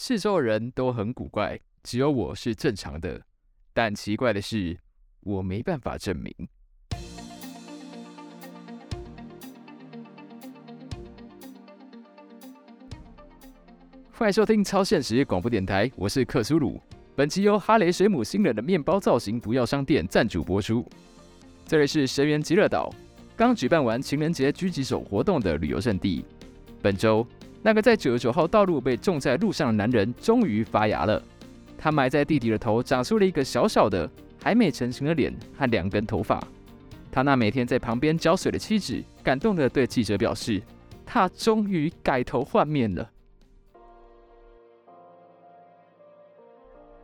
四周的人都很古怪，只有我是正常的。但奇怪的是，我沒辦法證明。歡迎收聽超現實廣播電台，我是克蘇魯。本期由哈雷水母星人的麵包造型毒藥商店贊助播出。這裡是神源極樂島，剛舉辦完情人節狙擊手活動的旅遊勝地。本周。那個在九十九號道路被種在路上的男人終於發芽了。他埋在地底的頭長出了一個小小的、還沒成型的臉和兩根頭髮。他那每天在旁邊澆水的妻子感動的對記者表示：“他終於改頭換面了。”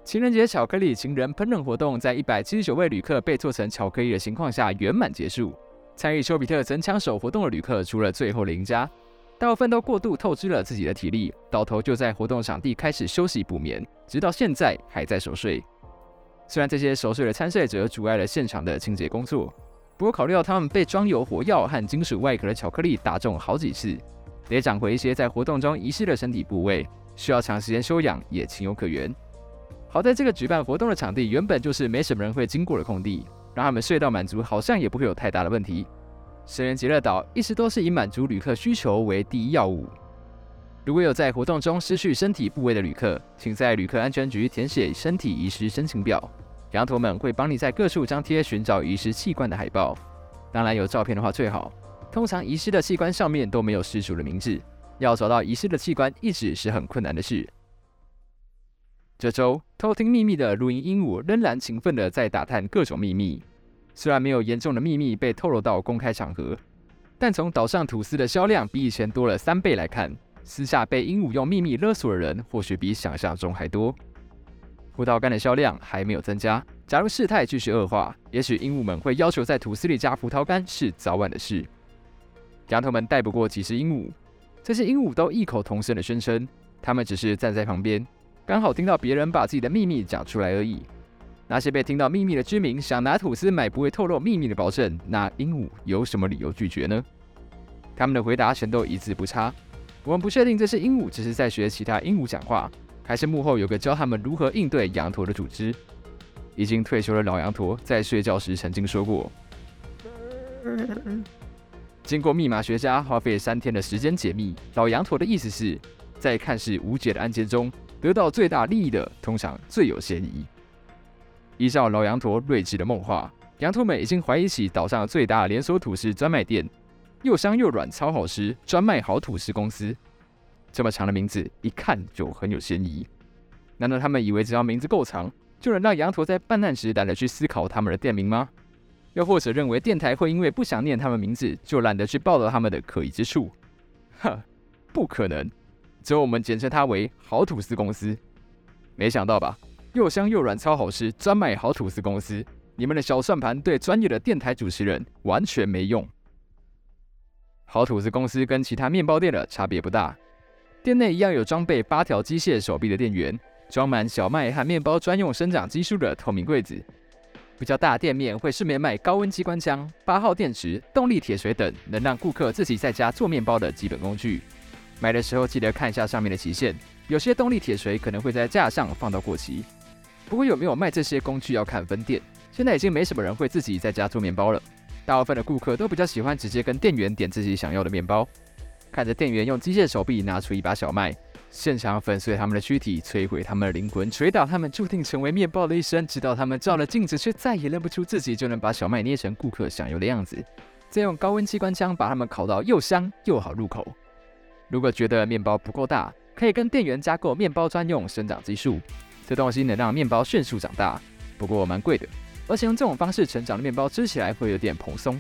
情人節巧克力情人烹飪活動在一百七十九位旅客被做成巧克力的情況下圓滿結束。參與丘比特神槍手活動的旅客除了最後的贏家。大夥奮鬥過度，透支了自己的體力，倒頭就在活動場地開始休息補眠，直到現在還在熟睡。雖然這些熟睡的參賽者阻礙了現場的清潔工作，不過考慮到他們被裝有火藥和金屬外殼的巧克力打中好幾次，得找回一些在活動中遺失的身體部位，需要長時間休養也情有可原。好在這個舉辦活動的場地原本就是沒什麼人會經過的空地，讓他們睡到滿足，好像也不會有太大的問題。聖人吉樂島一直都是以滿足旅客需求為第一要務。如果有在活動中失去身體部位的旅客，請在旅客安全局填寫身體遺失申請表。羊駝們會幫你在各處張貼尋找遺失器官的海報。當然，有照片的話最好。通常遺失的器官上面都沒有失主的名字，要找到遺失的器官一直是很困難的事。這周偷聽秘密的錄音鸚鵡仍然勤奮地在打探各種秘密。雖然沒有嚴重的秘密被透露到公開場合，但從島上吐司的銷量比以前多了三倍來看，私下被鸚鵡用秘密勒索的人，或許比想象中還多。葡萄乾的銷量還沒有增加。假如事態繼續惡化，也許鸚鵡們會要求在吐司裡加葡萄乾，是早晚的事。丫頭們帶不過幾隻鸚鵡，這些鸚鵡都異口同聲的宣稱，他們只是站在旁邊，剛好聽到別人把自己的秘密講出來而已。那些被聽到秘密的居民想拿吐司買不會透露秘密的保證，那鸚鵡有什麼理由拒絕呢？他們的回答全都一字不差。我們不確定這些鸚鵡只是在學其他鸚鵡講話，還是幕後有個教他們如何應對羊駝的組織。已經退休的老羊駝在睡覺時曾經說過：“經過密碼學家花費三天的時間解密，老羊駝的意思是在看似無解的案件中，得到最大利益的通常最有嫌疑。”依照老羊駝睿智的夢話，羊駝們已經懷疑起島上最大的連鎖土司專賣店——又香又軟、超好吃、專賣好土司公司。這麼長的名字，一看就很有嫌疑。難道他們以為只要名字夠長，就能讓羊駝在辦案時懶得去思考他們的店名嗎？又或者認為電台會因為不想念他們名字，就懶得去報道他們的可疑之處？哼，不可能！只有我們簡稱它為“好土司公司”。沒想到吧？又香又軟，超好吃！專賣好土司公司，你們的小算盤對專業的電台主持人完全沒用。好土司公司跟其他麵包店的差別不大，店內一樣有裝備八條機械手臂的店員，裝滿小麥和麵包專用生長激素的透明櫃子。比較大店面會順便賣高溫機關槍、八號電池、動力鐵錘等能讓顧客自己在家做麵包的基本工具。買的時候記得看一下上面的期限，有些動力鐵錘可能會在架上放到過期。不過有沒有賣這些工具要看分店。現在已經沒什麼人會自己在家做面包了，大部分的顧客都比較喜歡直接跟店員點自己想要的面包。看着店員用機械手臂拿出一把小麥，現場粉碎他們的軀體，摧毀他們的靈魂，捶倒他們注定成為麵包的一生，直到他們照了鏡子卻再也認不出自己，就能把小麥捏成顧客想要的樣子，再用高溫機關槍把他們烤到又香又好入口。如果覺得面包不夠大，可以跟店員加購面包專用生長激素。這東西能讓面包迅速長大，不過蠻貴的，而且用這種方式成長的面包吃起來會有點蓬鬆。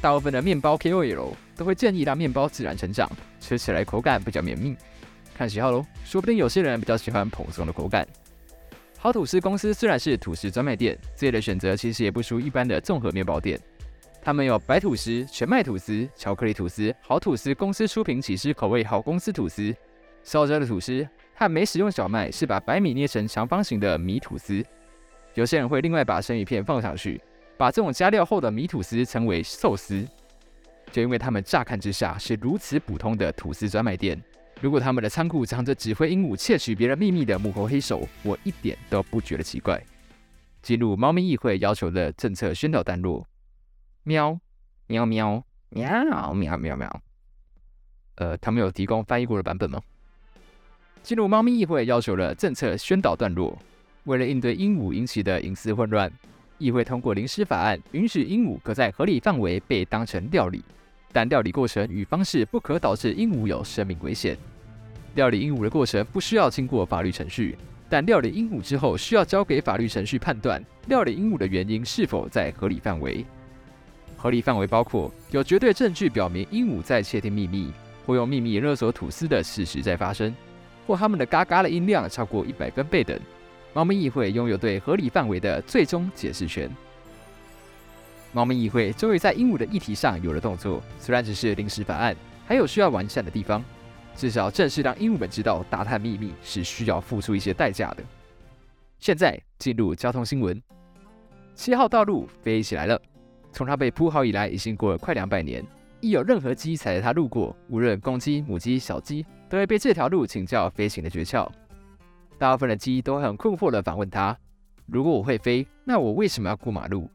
大部分的面包 KOL 都會建議讓面包自然成長，吃起來口感比較綿密，看喜好嘍。說不定有些人比較喜歡蓬鬆的口感。好吐司公司雖然是吐司專賣店，自己的選擇其實也不輸一般的綜合面包店。他們有白吐司、全麥吐司、巧克力吐司。好吐司公司出品起司口味好，公司吐司、燒焦的吐司。.他沒使用小麥，是把白米捏成長方形的米吐司，有些人會另外把生魚片放上去，把這種加料後的米吐司稱為壽司。就因為他們乍看之下是如此普通的吐司專賣店，如果他們的倉庫藏着指揮鸚鵡竊取別人秘密的幕後黑手，我一點都不覺得奇怪。進入貓咪議會要求的政策宣導段落。喵，喵喵，喵，喵，喵喵喵。呃，他們有提供翻譯過的版本嗎？進入貓咪議會要求了政策宣導段落。為了應對鸚鵡引起的隱私混亂，議會通過臨時法案，允許鸚鵡可在合理範圍被當成料理，但料理過程與方式不可導致鸚鵡有生命危險。料理鸚鵡的過程不需要經過法律程序，但料理鸚鵡之後需要交給法律程序判斷料理鸚鵡的原因是否在合理範圍。合理範圍包括有絕對證據表明鸚鵡在竊聽秘密或用秘密勒索土司的事實在發生，或它們的嘎嘎的音量超過一百分貝等，貓咪議會擁有對合理範圍的最終解釋權。貓咪議會終於在鸚鵡的議題上有了動作，雖然只是臨時法案，還有需要完善的地方，至少正式讓鸚鵡們知道打探秘密是需要付出一些代價的。現在進入交通新聞，七號道路飛起來了，從它被鋪好以來已經過了快兩百年。一有任何雞踩着他路過，無論公雞、母雞、小雞，都會被這條路請教飛行的訣竅。大部分的雞都很困惑地反問他：“如果我會飛，那我為什麼要過馬路？”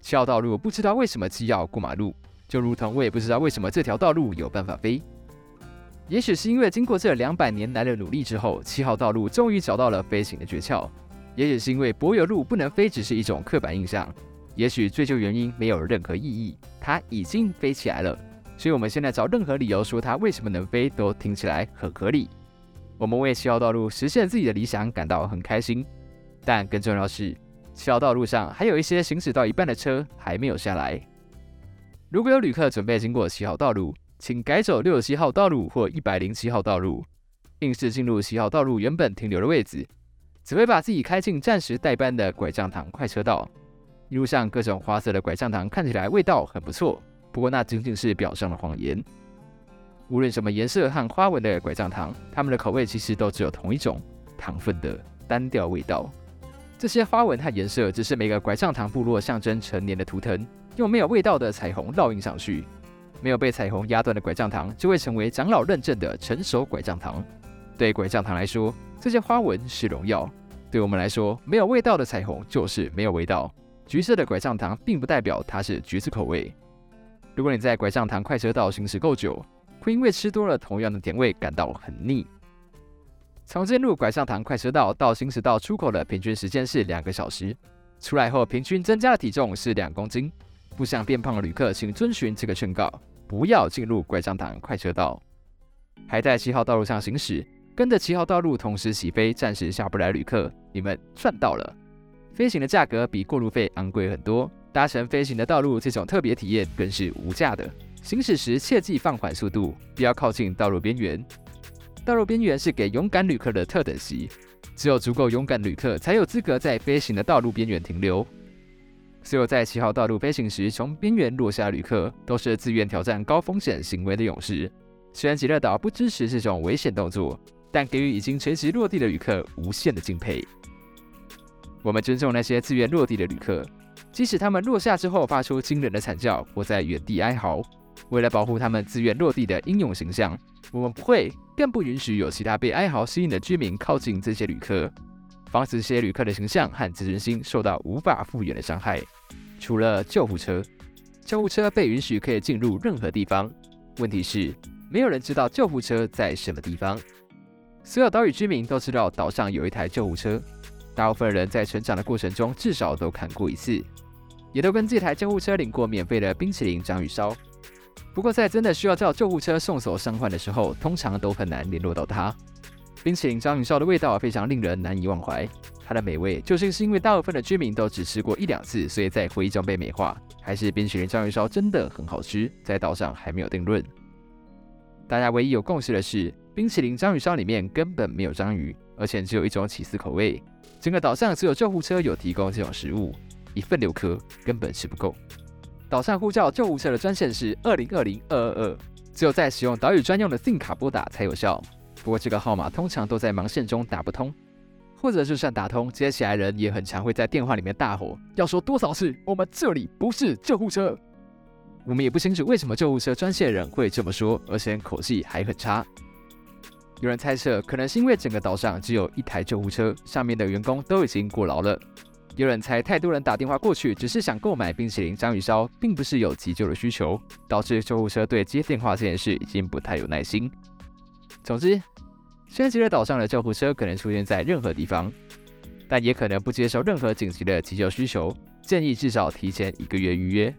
七號道路不知道為什麼雞要過馬路，就如同我也不知道為什麼這條道路有辦法飛。也許是因為經過這兩百年來的努力之後，七號道路終於找到了飛行的訣竅。也許是因為柏油路不能飛只是一種刻板印象。也許追究原因沒有任何意義，它已經飛起來了。所以，我們現在找任何理由說它為什麼能飛都聽起來很合理。我們為七號道路實現自己的理想感到很開心，但更重要的是，七號道路上還有一些行駛到一半的車還沒有下來。如果有旅客準備經過七號道路，請改走六十七號道路或一百零七號道路，硬是進入七號道路原本停留的位置，只會把自己開進暫時代班的拐杖糖快車道。一路上各種花色的拐杖糖看起來味道很不錯，不過那僅僅是表上的謊言。無論什麼顏色和花紋的拐杖糖，它們的口味其實都只有同一種糖分的單調味道。這些花紋和顏色只是每個拐杖糖部落象徵成年的圖騰，用沒有味道的彩虹烙印上去。沒有被彩虹壓斷的拐杖糖就會成為長老認證的成熟拐杖糖。對拐杖糖來說，這些花紋是榮耀；對我們來說，沒有味道的彩虹就是沒有味道。橘色的拐杖糖並不代表它是橘子口味。如果你在拐杖糖快車道行駛夠久，會因為吃多了同樣的甜味感到很膩。從進入拐杖糖快車道到行駛到出口的平均時間是兩個小時，出來後平均增加的體重是兩公斤。不想變胖的旅客，請遵循這個勸告，不要進入拐杖糖快車道。還在七號道路上行駛，跟着七號道路同時起飛，暫時下不來旅客，你們賺到了。飛行的價格比過路費昂貴很多，搭乘飛行的道路這種特別體驗更是無價的。行駛時切記放緩速度，不要靠近道路邊緣。道路邊緣是給勇敢旅客的特等席，只有足夠勇敢旅客才有資格在飛行的道路邊緣停留。所有在七號道路飛行時從邊緣落下的旅客都是自願挑戰高風險行為的勇士。雖然極樂島不支持這種危險動作，但給予已經垂直落地的旅客無限的敬佩。我們尊重那些自願落地的旅客，即使他們落下之後發出驚人的慘叫或在原地哀嚎。為了保護他們自願落地的英勇形象，我們不會，更不允許有其他被哀嚎吸引的居民靠近這些旅客，防止這些旅客的形象和自尊心受到無法復原的傷害。除了救護車，救護車被允許可以進入任何地方。問題是，沒有人知道救護車在什麼地方。所有島嶼居民都知道島上有一台救護車。大部分人在成長的過程中至少都看過一次，也都跟這台救護車領過免費的冰淇淋章魚燒。不過，在真的需要叫救護車送走傷患的時候，通常都很難聯絡到它。冰淇淋章魚燒的味道非常令人難以忘懷，它的美味究竟是因為大部分的居民都只吃過一兩次，所以在回憶中被美化。還是冰淇淋章魚燒真的很好吃，在島上還沒有定論。大家唯一有共識的是，冰淇淋章魚燒裡面根本沒有章魚，而且只有一種起司口味。整個島上只有救護車有提供這種食物，一份六顆，根本吃不夠。島上呼叫救護車的專線是二零二零二二二，只有在使用島嶼專用的 SIM 卡撥打才有效。不過這個號碼通常都在忙線中打不通，或者就算打通，接起來人也很常會在電話裡面大吼，要說多少次我們這裡不是救護車。我們也不清楚為什麼救護車專線人會這麼說，而且口氣還很差。有人猜測，可能是因為整個島上只有一台救護車，上面的員工都已經過勞了。有人猜，太多人打電話過去，只是想購買冰淇淋、章魚燒，並不是有急救的需求，導致救護車對接電話這件事已經不太有耐心。總之，南極的島上的救護車可能出現在任何地方，但也可能不接受任何緊急的急救需求。建議至少提前一個月預約。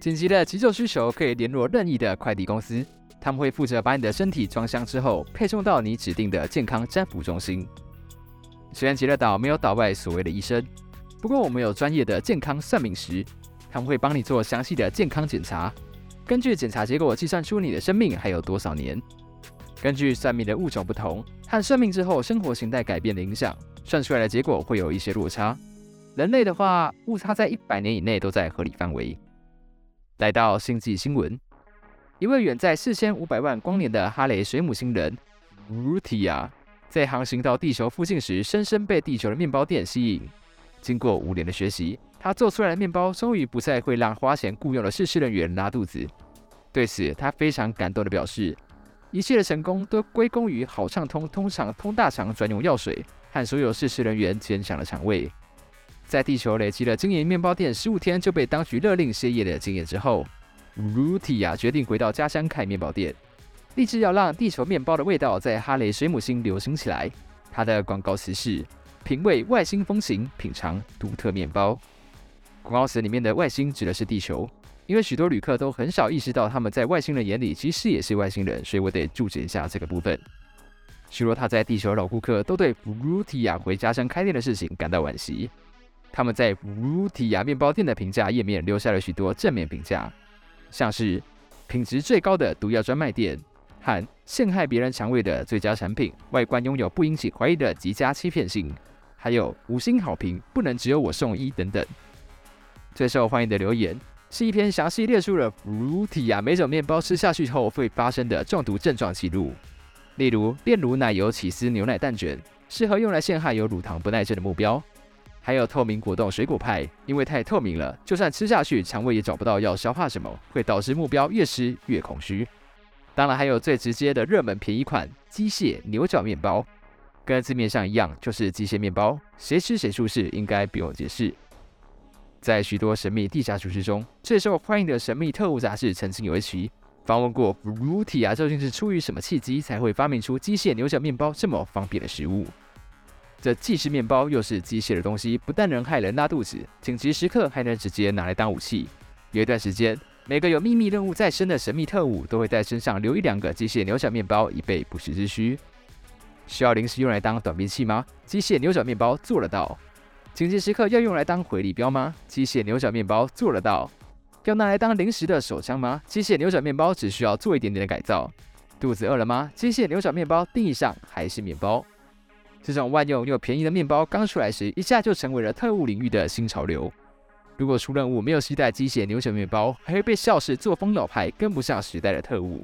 緊急的急救需求可以聯絡任意的快遞公司。他們會負責把你的身體裝箱之後，配送到你指定的健康占卜中心。雖然極樂島沒有島外所謂的醫生，不過我們有專業的健康算命師，他們會幫你做詳細的健康檢查，根據檢查結果計算出你的生命還有多少年。根據算命的物種不同，和算命之後生活形態改變的影響，算出來的結果會有一些落差。人類的話，誤差在一百年以內都在合理範圍。來到星際新聞。一位遠在四千五百萬光年的哈雷水母星人魯提亞在航行到地球附近時，深深被地球的麵包店吸引。經過五年的學習，他做出來的麵包終於不再會讓花錢雇傭的試吃人員拉肚子。對此，他非常感動地表示：“一切的成功都歸功於好暢通、通常通大腸專用藥水，和所有試吃人員堅強的腸胃。”在地球累積了經營麵包店十五天就被當局勒令歇業的經驗之後。魯提亞決定回到家鄉開麵包店，立志要讓地球麵包的味道在哈雷水母星流行起來。他的廣告詞是：“品味外星風情，品嘗獨特麵包。”廣告詞裡面的“外星”指的是地球，因為許多旅客都很少意識到他們在外星人眼裡其實也是外星人，所以我得注解一下這個部分。許多他在地球的老顧客都對魯提亞回家鄉開店的事情感到惋惜，他們在魯提亞麵包店的評價頁面留下了許多正面評價。像是品質最高的毒藥專賣店，和陷害別人腸胃的最佳產品，外觀擁有不引起懷疑的極佳欺騙性，還有五星好評不能只有我送醫等等。最受歡迎的留言是一篇詳細列出了乳體啊每種麵包吃下去後會發生的中毒症狀記錄，例如煉乳奶油起司牛奶蛋卷，適合用來陷害有乳糖不耐症的目標。還有透明果凍水果派，因為太透明了，就算吃下去，腸胃也找不到要消化什麼，會導致目標越吃越空虛。當然，還有最直接的熱門便宜款，機械牛角麵包，跟字面上一樣，就是機械麵包，誰吃誰舒適，應該不用解釋。在許多神秘地下組織中，最受歡迎的神秘特務雜誌曾經有一期訪問過布魯蒂亞，究竟、啊、是出於什麼契機才會發明出機械牛角麵包這麼方便的食物？這既是麵包又是機械的東西，不但能害人拉肚子，緊急時刻還能直接拿來當武器。有一段時間，每個有秘密任務在身的神秘特務都會在身上留一兩個機械牛角麵包，以備不時之需。需要臨時用來當短兵器嗎？機械牛角麵包做得到。緊急時刻要用來當回力鏢嗎？機械牛角麵包做得到。要拿來當臨時的手槍嗎？機械牛角麵包只需要做一點點的改造。肚子餓了嗎？機械牛角麵包定義上還是麵包。這種萬用又便宜的麵包剛出來時，一下就成為了特務領域的新潮流。如果出任務沒有攜帶機械牛角麵包，還會被笑是作風老派、跟不上時代的特務。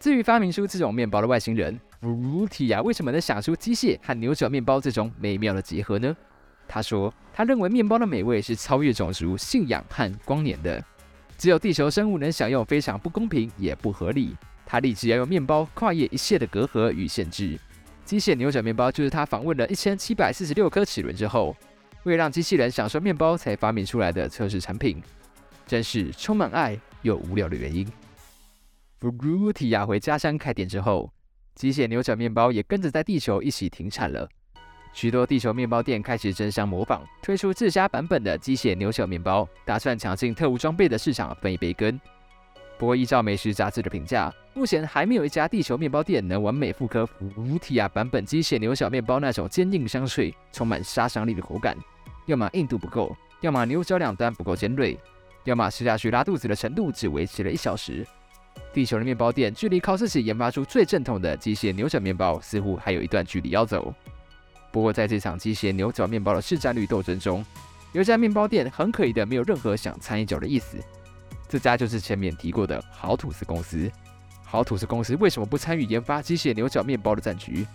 至於發明出這種麵包的外星人魯提亞，Routia，為什麼能想出機械和牛角麵包這種美妙的結合呢？他說，他認為麵包的美味是超越種族、信仰和光年的，只有地球生物能享用，非常不公平也不合理，他立志要用麵包跨越一切的隔閡與限制。機械牛角麵包就是他訪問了1746顆齒輪之後，為了讓機器人享受麵包才發明出來的測試產品，真是充滿愛又無聊的原因。弗魯提亞回家鄉開店之後，機械牛角麵包也跟着在地球一起停產了。許多地球麵包店開始爭相模仿，推出自家版本的機械牛角麵包，打算搶進特務裝備的市場分一杯羹。不過，依照美食雜誌的評價，目前還沒有一家地球麵包店能完美複刻福提亞版本機械牛角麵包那種堅硬、香脆、充滿殺傷力的口感。要麼硬度不夠，要麼牛角兩端不夠尖銳，要麼吃下去拉肚子的程度只維持了一小時。地球的麵包店距離靠自己研發出最正統的機械牛角麵包，似乎還有一段距離要走。不過，在這場機械牛角麵包的市占率鬥爭中，有一家麵包店很可疑的沒有任何想摻一腳的意思。這家就是前面提過的好吐司公司。好吐司公司為什麼不參與研發機械牛角麵包的戰局？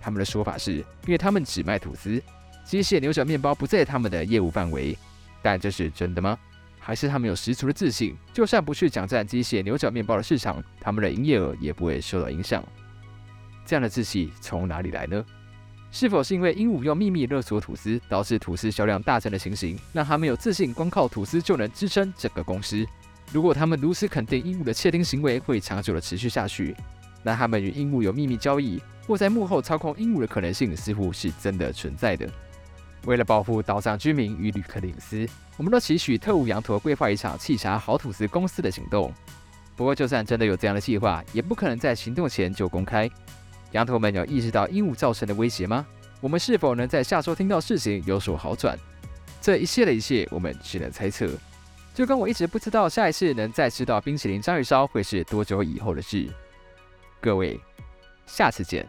他們的說法是，因為他們只賣吐司，機械牛角麵包不在他們的業務範圍。但這是真的嗎？還是他們有十足的自信，就算不去搶佔機械牛角麵包的市場，他們的營業額也不會受到影響？這樣的自信從哪裡來呢？是否是因為鸚鵡用秘密勒索吐司，導致吐司銷量大增的情形，讓他們有自信，光靠吐司就能支撐整個公司？如果他們如此肯定鸚鵡的竊聽行為會長久地持續下去，那他們與鸚鵡有秘密交易，或在幕後操控鸚鵡的可能性，似乎是真的存在的。為了保護島上居民與旅客的隱私，我們都期許特務羊駝規劃一場刺殺好土司公司的行動。不過，就算真的有這樣的計劃，也不可能在行動前就公開。羊駝們有意識到鸚鵡造成的威脅嗎？我們是否能在下周聽到事情有所好轉？這一切的一切，我們只能猜測。就跟我一直不知道下一次能再吃到冰淇淋章魚燒會是多久以後的事。各位，下次見。